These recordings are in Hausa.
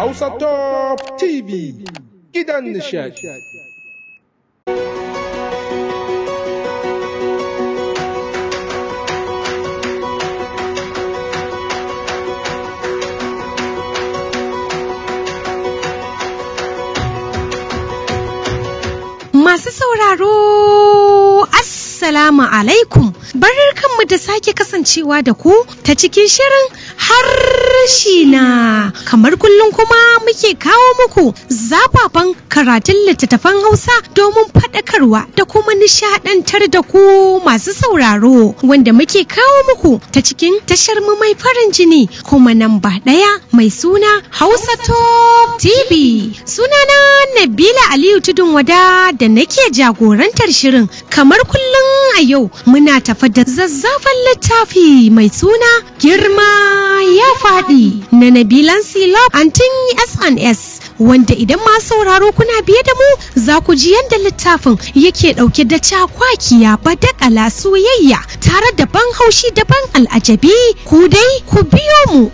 Hausa Top TV gidan nishadi. Masu sauraro, Assalamu alaikum, barkanmu da sake kasancewa da ku ta cikin shirin harshe na kamar kullum kuma muke kawo muku zafafan karatun littattafan hausa domin faɗakarwa da kuma nishaɗantar da ku masu sauraro wanda muke kawo muku ta cikin tashar mu mai farin jini kuma nan ba ɗaya mai suna hausa top tv sunana nabila aliyu tudun wada da nake jagorantar shirin kamar kullum a yau muna tafa da zazzafan littafi mai suna girma ya faɗi na Nabilan Silop Antin SNS wanda idan ma sauraro kuna biye da mu za ku ji yadda littafin yake ɗauke da cakwakiya badakala soyayya tare da ban haushi da ban al'ajabi ku dai ku biyo mu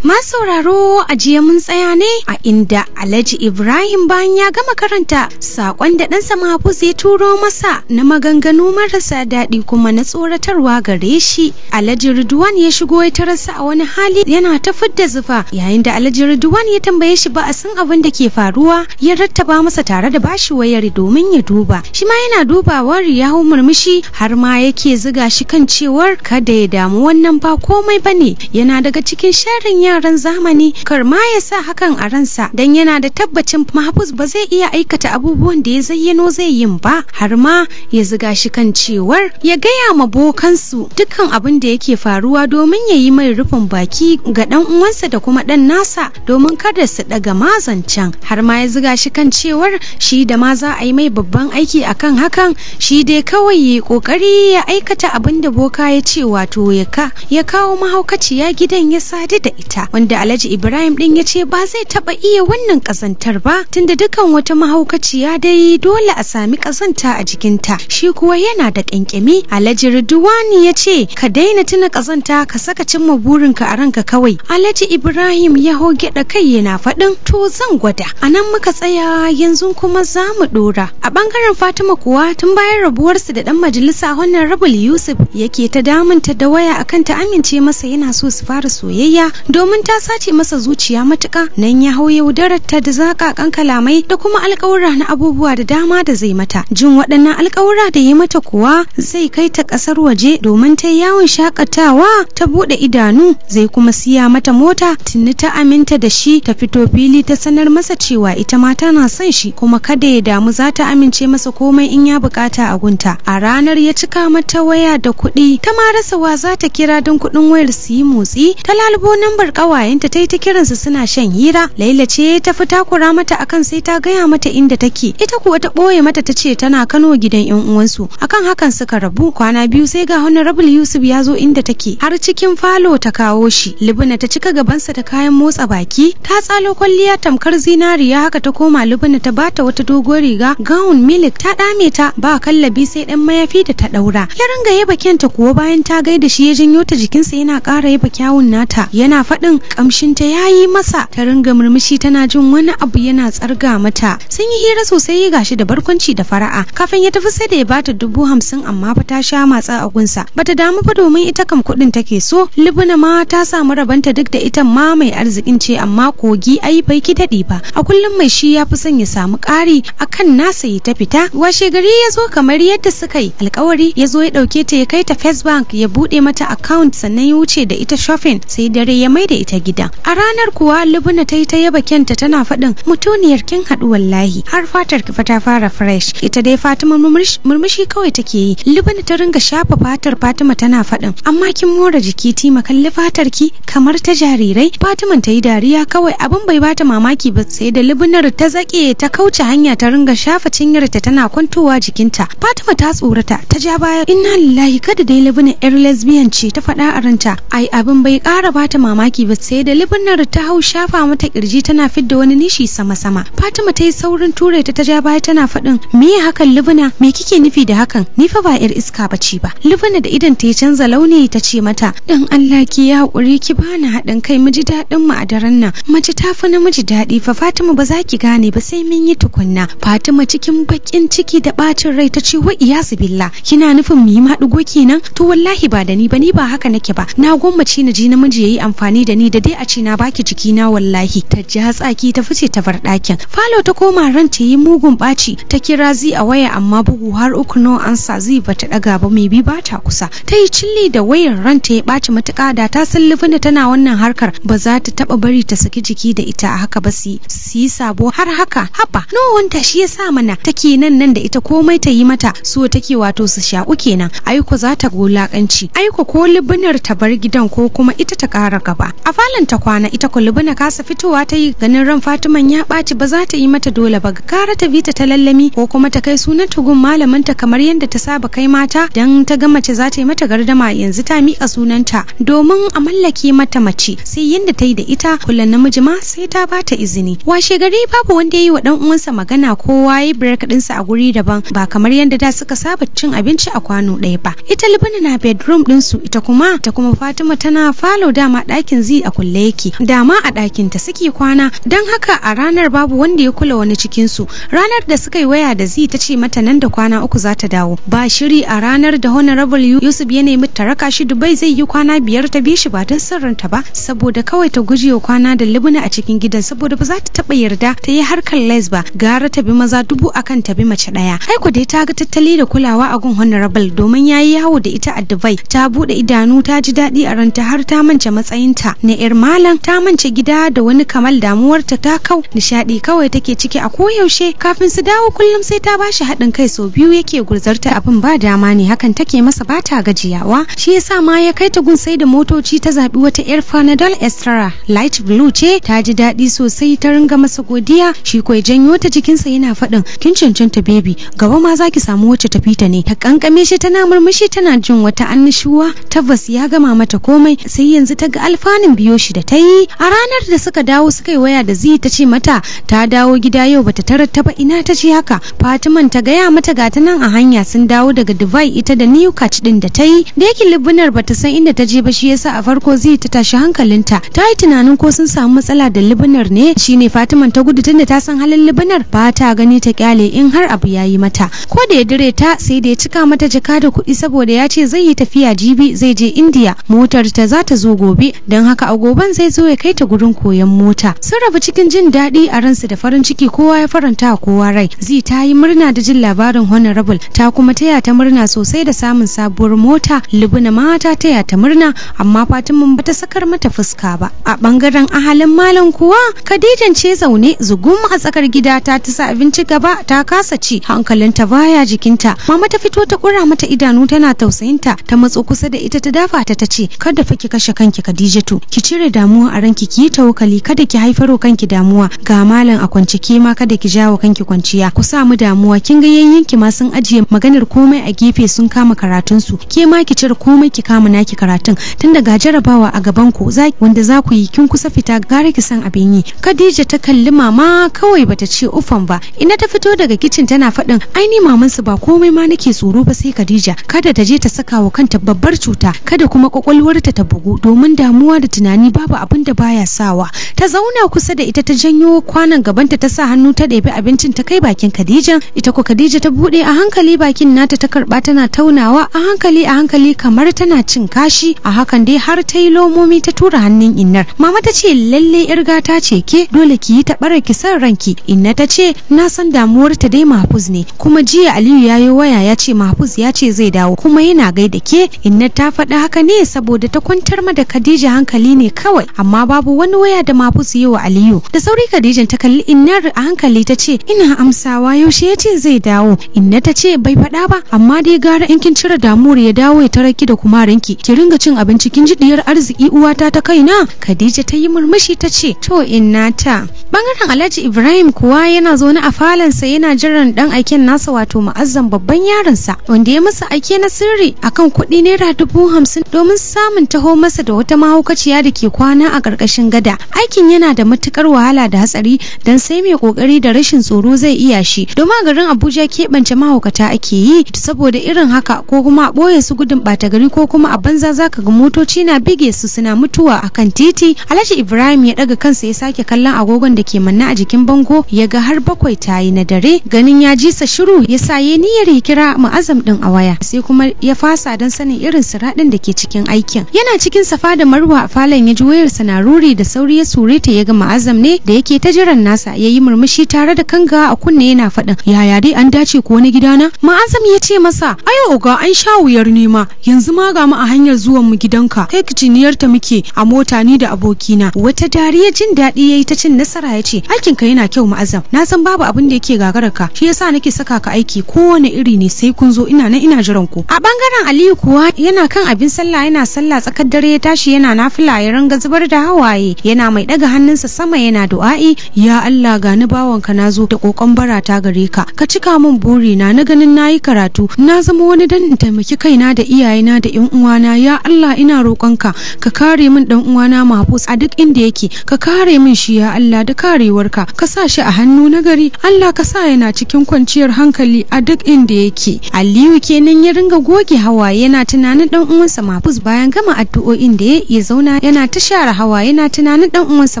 masauraro ajiye mun tsaya ne a inda alhaji ibrahim bayan ya gama karanta sakon da ɗansa mafu zai turo masa na maganganu marasa daɗi kuma na tsoratarwa gare shi alhaji ridwan ya shigo ya tarasa a wani hali yana ta fidda zufa yayin da alhaji ridwan ya tambaye shi ba a san abin da ke faruwa ya rattaba masa tare da bashi wayar domin ya duba shi ma yana dubawa ya hau murmushi har ma yake ziga shi kan cewar kada ya damu wannan ba komai bane yana daga cikin sharin ya ran zamani kar ma ya sa hakan a ransa dan yana da tabbacin mahafuz ba zai iya aikata abubuwan da ya zayyano zai yin ba har ma ya ziga shi kan cewar ya gaya ma bokansu dukkan abin da yake faruwa domin ya yi mai rufin baki ga dan uwansa da kuma dan nasa domin kada su daga mazancan har ma ya ziga shi kan cewar shi da ma za a yi mai babban aiki akan hakan shi dai kawai ya kokari ya aikata abin da boka ya ce wato ya ka ya kawo mahaukaciya gidan ya sadu da ita ta wanda Alhaji Ibrahim din ya ce ba zai taba iya wannan kazantar ba tunda dukan wata mahaukaciya dai dole a sami kazanta a jikin ta shi kuwa yana da kankami Alhaji Ridwani ya ce ka daina tuna kazanta ka saka cimma burinka a ranka kawai Alhaji Ibrahim ya hoge da kai yana faɗin to zan gwada a nan muka tsaya yanzu kuma za mu dora a bangaren Fatima kuwa tun bayan rabuwarsu da dan majalisa wannan Rabul Yusuf yake ta damunta da waya akan ta amince masa yana so su fara soyayya domin domin ta sace masa zuciya matuka nan ya hau yaudarar ta da zakakan kalamai da kuma alƙawura na abubuwa da dama da zai mata jin waɗannan alƙawura da ya mata kuwa zai kai ta ƙasar waje domin ta yawon shakatawa ta buɗe idanu zai kuma siya mata mota tuni ta aminta da shi ta fito fili ta sanar masa cewa ita ma tana son shi kuma kada ya damu za ta amince masa komai in ya bukata a gunta a ranar ya cika mata waya da kuɗi ta ma rasa wa za ta kira don kuɗin wayar su yi motsi ta lalubo nambar ƙawayenta ta yi ta kiransu suna shan hira laila ce ta fi takura mata akan sai ta gaya mata inda take ita kuwa ta ɓoye mata ta ce tana kano gidan yan uwansu akan hakan suka rabu kwana biyu sai ga rabul yusuf ya zo inda take har cikin falo ta kawo shi Lubina ta cika gabansa da kayan motsa baki ta tsalo kwalliya tamkar zinariya haka ta koma Lubina, ta bata wata dogon riga gawun milik ta dame ta ba kallabi sai dan mayafi da ta daura ya ringa yaba kyanta kuwa bayan ta gaida shi ya janyo ta jikinsa yana ƙara yaba kyawun nata yana faɗa din kamshinta ya yi masa ta ringa murmushi tana jin wani abu yana tsarga mata sun yi hira sosai ya gashi da barkwanci da fara'a kafin ya tafi sai da ya bata dubu hamsin amma fa ta sha matsa a gunsa bata damu ba domin ita kam kuɗin take so libna ma ta samu rabanta duk da ita ma mai arzikin ce amma kogi ai bai ki daɗi ba a kullum mai shi ya fi son ya samu ƙari akan nasa ya ta fita washe gari ya zo kamar yadda suka yi alkawari ya zo ya ɗauke ta ya kai ta first bank ya buɗe mata account sannan ya wuce da ita shopping sai dare ya mai da ita gida. a ranar kuwa libuna ta yi ta yaba kenta tana faɗin mutuniyar kin haɗu wallahi har fatar ka ta fara fresh ita dai fatima murmushi kawai take yi libuna ta ringa shafa fatar fatima tana faɗin amma kin more jiki ti makalli fatar ki kamar ta jarirai Fatima ta yi dariya kawai abin bai bata mamaki ba sai da libunar ta zaƙe ta kauce hanya ta ringa shafa cinyar ta tana kwantowa jikinta fatima ta tsorata ta ja baya inna lillahi kada dai libuna yar lesbian ce ta faɗa a ranta ai abin bai ƙara bata mamaki aiki ba sai da libanar ta hau shafa mata kirji tana fidda wani nishi sama-sama fatima ta yi saurin ture ta ta ja baya tana faɗin me hakan libana me kike nufi da hakan ni fa ba yar iska ba ce ba libana da idan ta yi canza launi ta ce mata dan allah ki ya haƙuri ki bani haɗin kai mu ji daɗin mu a daren nan mace ta fi namiji daɗi fa fatima ba za ki gane ba sai mun yi tukunna fatima cikin baƙin ciki da ɓacin rai ta ce wa iyasu billah kina nufin mu yi maɗigo kenan to wallahi ba da ni ba ni ba haka nake ba na gwammace na ji namiji ya yi amfani da da da dai a ce na baki jiki na wallahi ta ja tsaki ta fice ta bar ɗakin falo ta koma ran ta yi mugun ɓaci ta kira zi a waya amma bugu har uku nawa an sa zi bata ɗaga ba mai bi ba ta kusa ta yi cilli da wayar ran ta ya ɓaci matuƙa da ta san da tana wannan harkar ba za ta taɓa bari ta saki jiki da ita a haka ba su yi sabo har haka haba wanta shi ya sa mana take nan nan da ita komai ta yi mata Su take wato su shaƙu kenan aiko za ta gulaƙanci aiko ko libinar ta bar gidan ko kuma ita ta ƙara gaba a falon ta kwana ita kulubuna kasa fitowa ta yi ganin ran Fatima ya ɓaci ba za ta yi mata dole ba gara ta bi ta lallami ko kuma ta kai sunan tugun ta kamar yadda ta saba kai mata dan ta ga mace za ta yi mata gardama yanzu ta miƙa sunanta domin a mallake mata mace sai yadda ta yi da ita kullum namiji ma sai ta ba ta izini washe gari babu wanda ya yi wa dan uwansa magana kowa yayi break dinsa a guri daban ba kamar yadda da suka saba cin abinci a kwano ɗaya ba ita libina na bedroom ɗinsu ita kuma ta kuma fatima tana falo dama ɗakin a kulle yake dama a ɗakin ta suke kwana don haka a ranar babu wanda ya kula wani cikin su ranar da suka yi waya da zi ta ce mata nan da kwana uku za ta dawo ba shiri a ranar da honorable yusuf ya nemi ta raka shi dubai zai yi kwana biyar ta bi shi ba don sirrinta ba saboda kawai ta gujewa kwana da libina a cikin gidan saboda ba za ta taɓa yarda ta yi harkar les ba gara ta bi maza dubu akan ta bi mace ɗaya ku dai ta ga tattali da kulawa a gun honorable domin yayi yi yawo da ita a dubai ta buɗe idanu ta ji daɗi a ranta har ta mance matsayinta na yar malam ta mance gida da wani kamal damuwarta ta kau nishadi kawai take ciki a koyaushe kafin su dawo kullum sai ta bashi haɗin kai sau biyu yake gurzarta abin ba dama ne hakan take masa bata gajiyawa shi yasa ma ya kai ta gun sai da motoci ta zaɓi wata yar panadol extra light blue ce ta ji daɗi sosai ta ringa masa godiya shi ko janyo ta jikinsa yana faɗin kin cancanta baby gaba ma zaki samu wacce tafi ta ne ta kankame shi tana murmushi tana jin wata annishuwa tabbas ya gama mata komai sai yanzu ta ga alfanun kan biyo shi da ta yi a ranar da suka dawo suka yi waya da zi ta ce mata ta dawo gida yau bata tarar ta ba ina ta ce haka fatiman ta gaya mata gata nan a hanya sun dawo daga dubai ita da new catch din da ta yi da yake libunar bata san inda ta je ba shi yasa a farko zi ta tashi hankalinta ta yi tunanin ko sun samu matsala da libunar ne shine fatiman ta gudu tunda ta san halin libunar ba ta gani ta kyale in har abu ya yi mata ko da ya dire ta sai da ya cika mata jaka da kuɗi saboda ya ce zai yi tafiya jibi zai je indiya motar ta za ta zo gobe don haka haka a goben zai zo ya kai ta gurin koyon mota sun rabu cikin jin daɗi a ransu da farin ciki kowa ya faranta a kowa rai Zai ta yi murna da jin labarin honorable ta kuma taya ta murna sosai da samun sabuwar mota libina ma ta taya ta murna amma fatima ba ta sakar mata fuska ba a bangaren ahalin malam kuwa khadijan ce zaune zugum a tsakar gida ta ta sa abinci gaba ta kasa ci hankalinta baya jikinta mama ta fito ta kura mata idanu tana tausayinta ta matso kusa da ita ta dafa ta ta ce kada fa ki kashe kanki khadijatu ki cire damuwa a ranki ki yi tawakkali kada ki haifarwa kanki damuwa ga malam a kwance ke ma kada ki jawo kanki kwanciya ku sa mu damuwa kin ga yayyen ma sun ajiye maganar komai a gefe sun kama karatun su ke ma ki cire komai ki kama naki karatun tun daga jarabawa a gaban ku wanda za ku yi kin kusa fita gare ki san abin yi Khadija ta kalli mama kawai bata ce ufan ba ina ta fito daga kicin tana faɗin ai ni maman su ba komai ma nake tsoro ba sai Khadija kada ta je ta saka wa kanta babbar cuta kada kuma kwakwalwarta ta bugu domin damuwa da tunani babu abin da baya sawa ta zauna kusa da ita ta janyo kwanan gabanta ta sa hannu ta ɗebi abincin ta kai bakin Khadija ita ko Khadija ta buɗe a hankali bakin nata ta karba tana taunawa a hankali a hankali kamar tana cin kashi a hakan dai har ta yi lomomi ta tura hannun innar mama ta ce lalle irga gata ce ke dole ki yi ta bara ki san ranki inna ta ce na san damuwar ta dai mahfuz ne kuma jiya Aliyu ya yi waya ya ce mahfuz ya ce zai dawo kuma yana gaida ke inna ta faɗi haka ne saboda ta kwantar mada Khadija hankali Ali ne kawai amma babu wani waya da Mahfuz yi wa Aliyu da sauri Khadijan ta kalli Innar a hankali ta ce ina amsawa yaushe ya ce zai dawo Inna ta ce bai faɗa ba amma dai gara in kin cire damuwar ya dawo ya taraki da kumarinki ki ringa cin abinci kin ji diyar arziki uwata ta kaina Khadija ta yi murmushi ta ce to inna ta bangaren alhaji ibrahim kuwa yana zaune a falansa yana jiran dan aiken nasa wato ma'azzan babban yaronsa wanda ya masa aike na sirri akan kuɗi naira dubu hamsin domin samun taho masa da wata mahaukaciya da ke kwana a ƙarƙashin gada aikin yana da matukar wahala da hatsari dan sai mai ƙoƙari da rashin tsoro zai iya shi domin a garin abuja keɓance mahaukata ake yi saboda irin haka ko kuma a ɓoye su gudun ɓata gari ko kuma a banza zaka ga motoci na bige su suna mutuwa akan titi alhaji ibrahim ya ɗaga kansa ya sake kallon agogon da da ke manna a jikin bango ya ga har bakwai ta yi na dare ganin ya ji sa shiru ya sa ya niyyar ya kira mu'azzam din a waya sai kuma ya fasa don sanin irin siradin da ke cikin aikin yana cikin safa da marwa a falon ya ji wayarsa na ruri da sauri ya sure ta ya ga mu'azzam ne da yake ta jiran nasa ya yi murmushi tare da kanga a kunne yana faɗin yaya dai an dace ko wani gidana mu'azzam ya ce masa ayo ga an sha wuyar nema yanzu ma ga mu a hanyar zuwan mu gidanka kai kiciniyar ta muke a mota ni da abokina wata dariya jin daɗi yayi ta cin nasara ya ce aikin ka yana kyau mu'azzam na san babu abin da yake gagarar ka shi yasa nake saka ka aiki kowane iri ne sai kun zo ina nan ina jiran ku a bangaren Aliyu kuwa yana kan abin sallah yana sallah tsakar dare ya tashi yana nafila ya ranga zubar da hawaye yana mai daga hannunsa sama yana du'a'i ya Allah ga bawan ka na zo da kokon barata gare ka ka cika min buri na na ganin nayi karatu na zama wani dan in taimaki kaina da iyayena da yan uwana ya Allah ina roƙonka ka kare min dan uwana mahbus a duk inda yake ka kare min shi ya Allah duk karewarka ka sa shi a hannu na gari Allah ka sa yana cikin kwanciyar hankali a duk inda yake Aliyu kenan ya ringa goge hawa yana tunanin dan uwansa Mahfuz bayan gama addu'o'in da ya zauna yana ta share hawa yana tunanin dan uwansa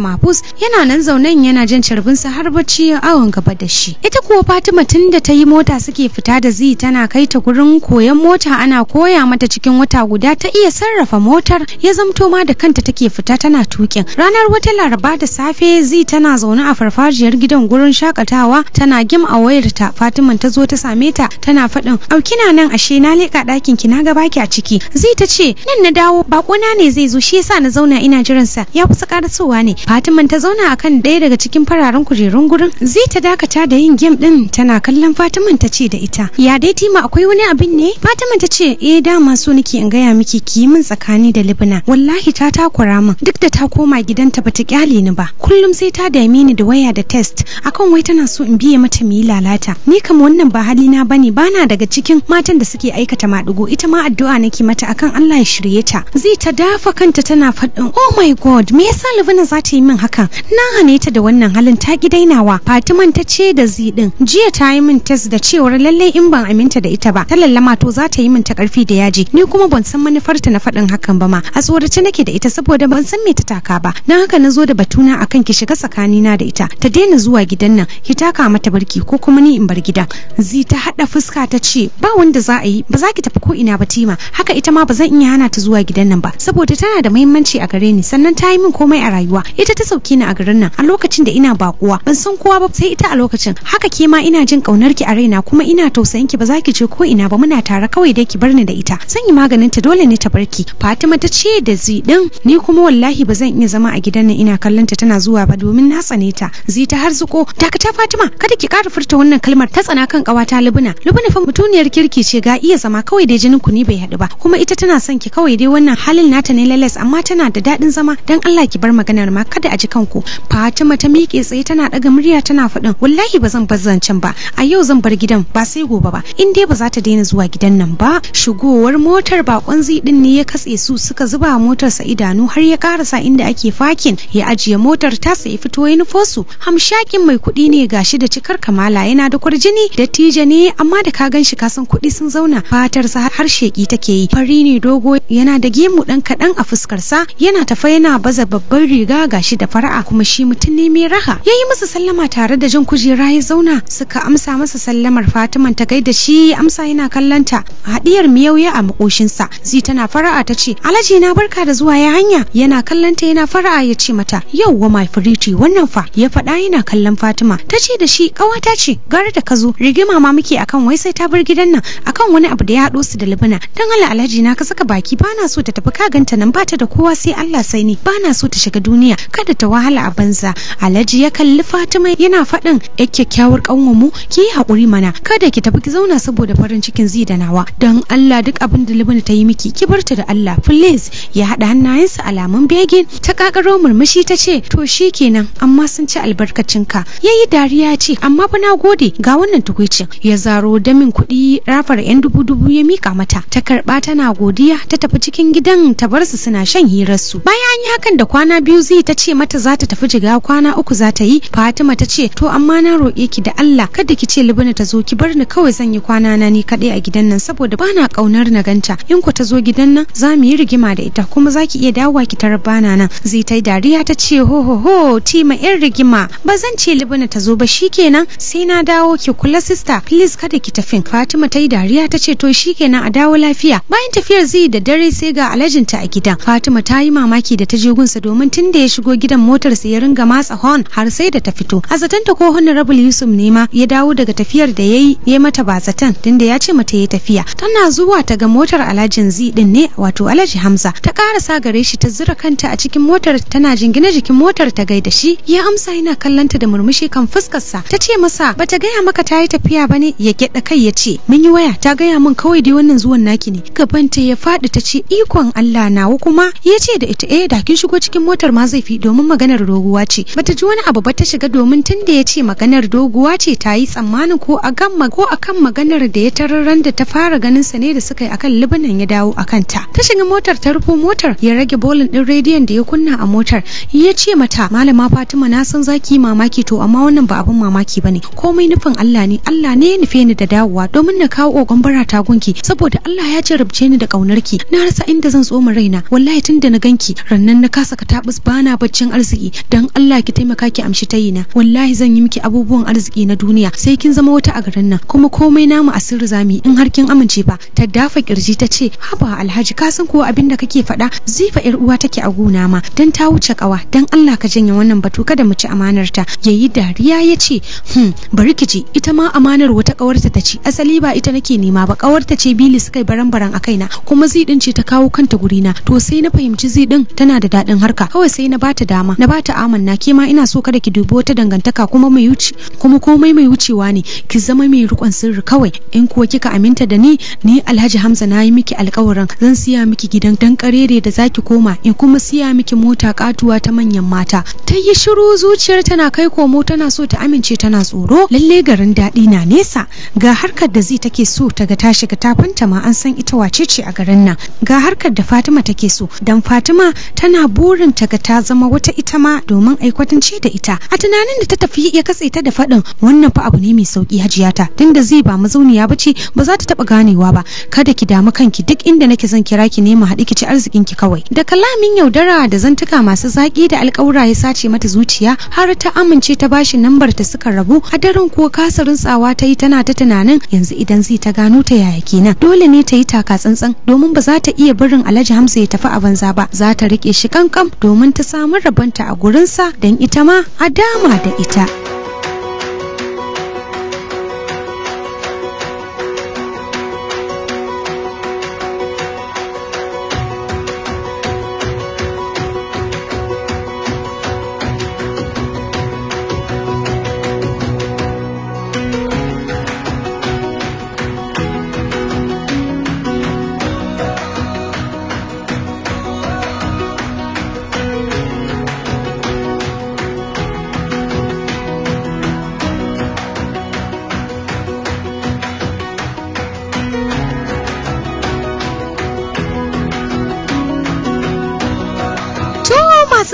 Mahfuz yana nan zaunan yana jan carbinsa har bacci ya awon gaba da shi ita kuwa Fatima tun da ta yi mota suke fita da zi tana kai ta gurin koyan mota ana koya mata cikin wata guda ta iya sarrafa motar ya zamto ma da kanta take fita tana tukin ranar wata laraba da safe zi tana tana zaune a farfajiyar gidan gurin shakatawa tana gim a wayarta Fatima ta zo ta same ta tana faɗin aukina na nan ashe na leka ɗakin ki na ga baki a ciki zai ta ce nan na dawo baƙona ne zai zo shi yasa na zauna ina jiran sa ya kusa karasowa ne Fatima ta zauna akan ɗaya daga cikin fararen kujerun gurin zai ta dakata da yin gim din tana kallon Fatima ta ce da ita ya dai Tima akwai wani abin ne Fatima ta ce eh dama so nake in gaya miki ki yi min tsakani da Libna wallahi ta takura min duk da ta koma gidanta bata kyale ni ba kullum sai ta da dame ni da waya da test akan wai tana so in biye mata mu yi lalata ni kam wannan ba hali na bane bana daga cikin matan da suke aikata maɗigo ita ma addu'a nake mata akan Allah ya shirye ta zai ta dafa kanta tana faɗin oh my god me yasa Livana za ta yi min hakan na hane ta da wannan halin ta ki dainawa Fatiman ta ce da zi din jiya ta yi min test da cewar lalle in ban aminta da ita ba ta lallama to za ta yi min ta karfi da yaji ni kuma ban san manufarta na faɗin hakan ba ma a tsorace nake da ita saboda ban san me ta taka ba dan haka na zo da batuna akan ki shiga saka na da ita ta daina zuwa gidan nan ki taka mata barki ko kuma ni in bar gidan zi ta hada fuska ta ce ba wanda za a yi ba za ki tafi ko ina ba tima haka ita ma ba zan iya hana ta zuwa gidan nan ba saboda tana da muhimmanci a gare ni sannan ta yi min komai a rayuwa ita ta sauke ni a garin nan a lokacin da ina bakuwa ban san kowa ba sai ita a lokacin haka ke ma ina jin kaunar ki a raina kuma ina tausayin ki ba za ki je ko ina ba muna tare kawai dai ki bar ni da ita zan yi maganin ta dole ne ta barki Fatima ta ce da zi din ni kuma wallahi ba zan iya zama a gidan nan ina kallon ta tana zuwa ba domin na tsane ta zita har zuko dakata Fatima kada ki kara furta wannan kalmar ta tsana kan ƙawata Lubuna Lubuna fa mutuniyar kirki ce ga iya zama kawai dai jinin ku ni bai haɗu ba kuma ita tana son ki kawai dai wannan halin nata ne lalas amma tana da daɗin zama dan Allah ki bar maganar ma kada a ji kanku Fatima ta miƙe tsaye tana ɗaga murya tana faɗin wallahi ba zan bar zancen ba a yau zan bar gidan ba sai gobe ba in dai ba za ta daina zuwa gidan nan ba shigowar motar bakon zidin ne ya katse su suka zuba motar sa idanu har ya karasa inda ake fakin ya ajiye motar ta sai fito wato nufosu hamshakin mai kuɗi ne gashi da cikar kamala yana da kwarjini da tija ne amma da ka gan shi kasan kuɗi sun zauna fatarsa har sheki take yi fari ne dogo yana da gemu ɗan kaɗan a fuskarsa yana tafa yana baza babban riga ga shi da fara'a kuma shi mutum ne mai raha ya yi masa sallama tare da jan kujera ya zauna suka amsa masa sallamar fatiman ta gaida shi amsa yana kallanta hadiyar miyauya a makoshinsa zi tana fara'a ta ce alhaji na barka da zuwa ya hanya yana kallanta yana fara'a ya ce mata yauwa my pretty wannan fa ya faɗa yana kallon Fatima ta ce da shi ƙawata ce gara da ka zo rigima ma muke akan wai sai ta bar gidan nan akan wani abu da ya haɗo su da libina don Allah alhaji na ka saka baki bana so ta tafi kaganta nan bata da kowa sai Allah sai ni bana so ta shiga duniya kada ta wahala a banza alhaji ya kalli Fatima yana faɗin ya kyakkyawar ƙanwa mu ki yi haƙuri mana kada ki tafi ki zauna saboda farin cikin zai da nawa don Allah duk abin da libina ta yi miki ki bar ta da Allah please ya haɗa hannayensa alamun begin ta kakaro murmushi ta ce to shikenan amma sun ci albarkacinka ya yi dariya ce amma fa na gode ga wannan tukwicin ya zaro da min kuɗi rafar yan dubu dubu ya mika mata ta karɓa tana godiya ta tafi cikin gidan ta bar su suna shan hirarsu bayan an yi hakan da kwana biyu zai ta ce mata za ta tafi jiga kwana uku za ta yi fatima ta ce to amma na roƙe ki da allah kada ki ce libina ta zo ki bar ni kawai zan yi kwana na ni kaɗai a gidan nan saboda bana ƙaunar na ganta in ku ta zo gidan nan za mu yi rigima da ita kuma za ki iya dawowa ki tarar bana nan zai ta dariya ta ce ho ho ho tima kuma yan rigima ba zan ce libina ta zo ba shikenan sai na dawo ki kula sista please kada ki tafi. fatima ta yi dariya ta ce to shi kenan a dawo lafiya bayan tafiyar zai da dare sai ga alajin ta a gidan fatima ta yi mamaki da ta je gunsa domin tun da ya shigo gidan motar sa ya ringa matsa horn har sai da ta fito a ta ko Rabul yusuf ne ma ya dawo daga tafiyar da yayi ya mata ba zaton tunda ya ce mata ya tafiya tana zuwa ta ga motar alajin zi din ne wato alhaji hamza ta karasa gare shi ta zura kanta a cikin motar tana jingine jikin motar ta gaida shi ya amsa yana kallanta da murmushi kan fuskarsa ta ce masa bata gaya maka ta yi tafiya bane ya gyada kai ya ce mun yi waya ta gaya min kawai dai wannan zuwan naki ne gabanta ya faɗi ta ce ikon Allah nawa kuma ya ce da ita eh da kin shigo cikin motar ma zai fi domin maganar doguwa ce bata ji wani abu ba ta shiga domin tun da ya ce maganar doguwa ce ta yi tsammanin ko a gamma ko akan maganar da ya tararran da ta fara ganin sa ne da suka yi akan libinan ya dawo akan ta ta shiga motar ta rufo motar ya rage bolin din rediyon da ya kunna a motar ya ce mata malama fata Fatima na san zaki mamaki to amma wannan ba abin mamaki ba ne. komai nufin Allah ne Allah ne ya nufe ni da dawowa domin na kawo ogon bara ta gunki saboda Allah ya jarabce ni da kaunarki na rasa inda zan tsoma raina wallahi tunda na ganki rannan na kasa ka tabus bana baccin arziki dan Allah ki taimaka ki amshi ta yi na. wallahi zan yi miki abubuwan arziki na duniya sai kin zama wata a garin nan kuma komai namu asiri zami in har kin amince ba. ta dafa kirji ta ce haba alhaji ka san kuwa abin da kake fada. zifa yar uwa take a gona ma dan ta wuce kawa dan Allah ka janye wannan to kada mu ci amanar ta yayi dariya ya ce hmm bari ki ji ita ma amanar wata kawarta ta ci asali ba ita nake nema ba kawarta ce bili suka baran-baran a kaina kuma zidin ce ta kawo kanta gurina to sai na fahimci zidin tana da daɗin harka kawai sai na bata dama na bata amanna ke ma ina so kada ki dubi wata dangantaka kuma mai wuce kuma komai mai wucewa ne ki zama mai rikon sirri kawai in kuwa kika aminta da ni ni Alhaji Hamza na yi miki alkawarin zan siya miki gidan dan karere da zaki koma in kuma siya miki mota katuwa ta manyan mata ta shiru zuciyar tana kai komo tana so ta amince tana tsoro lalle garin daɗi na nesa ga harkar da zai take so ta ga ta shiga tafinta ma an san ita wace ce a garin nan ga harkar da Fatima take so dan Fatima tana burin ta ga ta zama wata ita ma domin kwatance da ita a tunanin da ta tafi ya katse ta da faɗin wannan fa abu ne mai sauki hajiyata tunda zai ba mazauniya bace ba za ta taɓa ganewa ba kada ki damu kanki duk inda nake zan kira ki nema haɗi ki ci arzikin ki kawai da kalamin yaudara da zantuka masu zaƙi da alƙawura ya sace mata zuciya har ta amince ta bashi nambar ta suka rabu a daren kuwa kasarin rintsawa ta yi tana ta tunanin yanzu idan zai ta gano ta yaya kenan dole ne ta yi taka tsantsan domin ba za ta iya barin Alhaji Hamza ya tafi a banza ba za ta rike shi kankam domin ta samu rabanta a gurinsa don ita ma a dama da ita.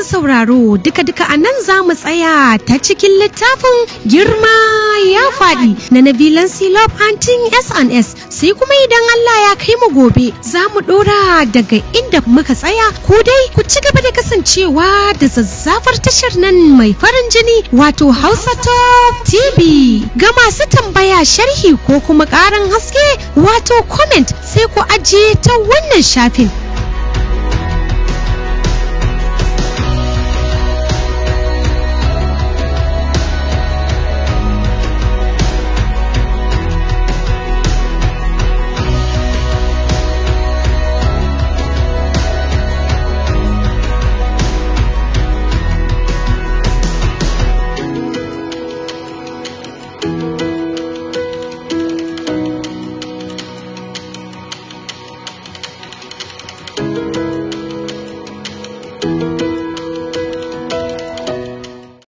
sauraro duka-duka a nan za mu tsaya ta cikin littafin girma ya faɗi na Nabilan Silop Hunting S&S sai kuma idan Allah ya kai mu gobe za mu ɗora daga inda muka tsaya ko dai ku ci gaba da kasancewa da zazzafar tashar nan mai farin jini wato Hausa Top TV ga masu tambaya sharhi ko kuma ƙarin haske wato comment sai ku ajiye ta wannan shafin.